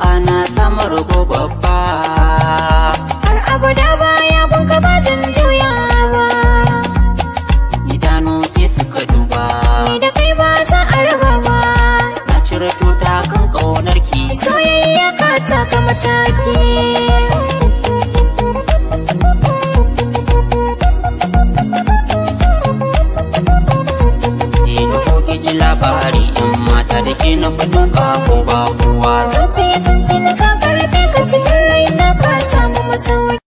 ana samar ko babba har abu da baya ya ka ba zan juya ba idanu ke suka duba ni da kai ba za a ba na cire tuta kan kaunar ki soyayya ka taka mataki ki ji labari in mata da ke na fito ko ba kowa. Zan ce zan na takar da ka cikin raina ka samu masauki.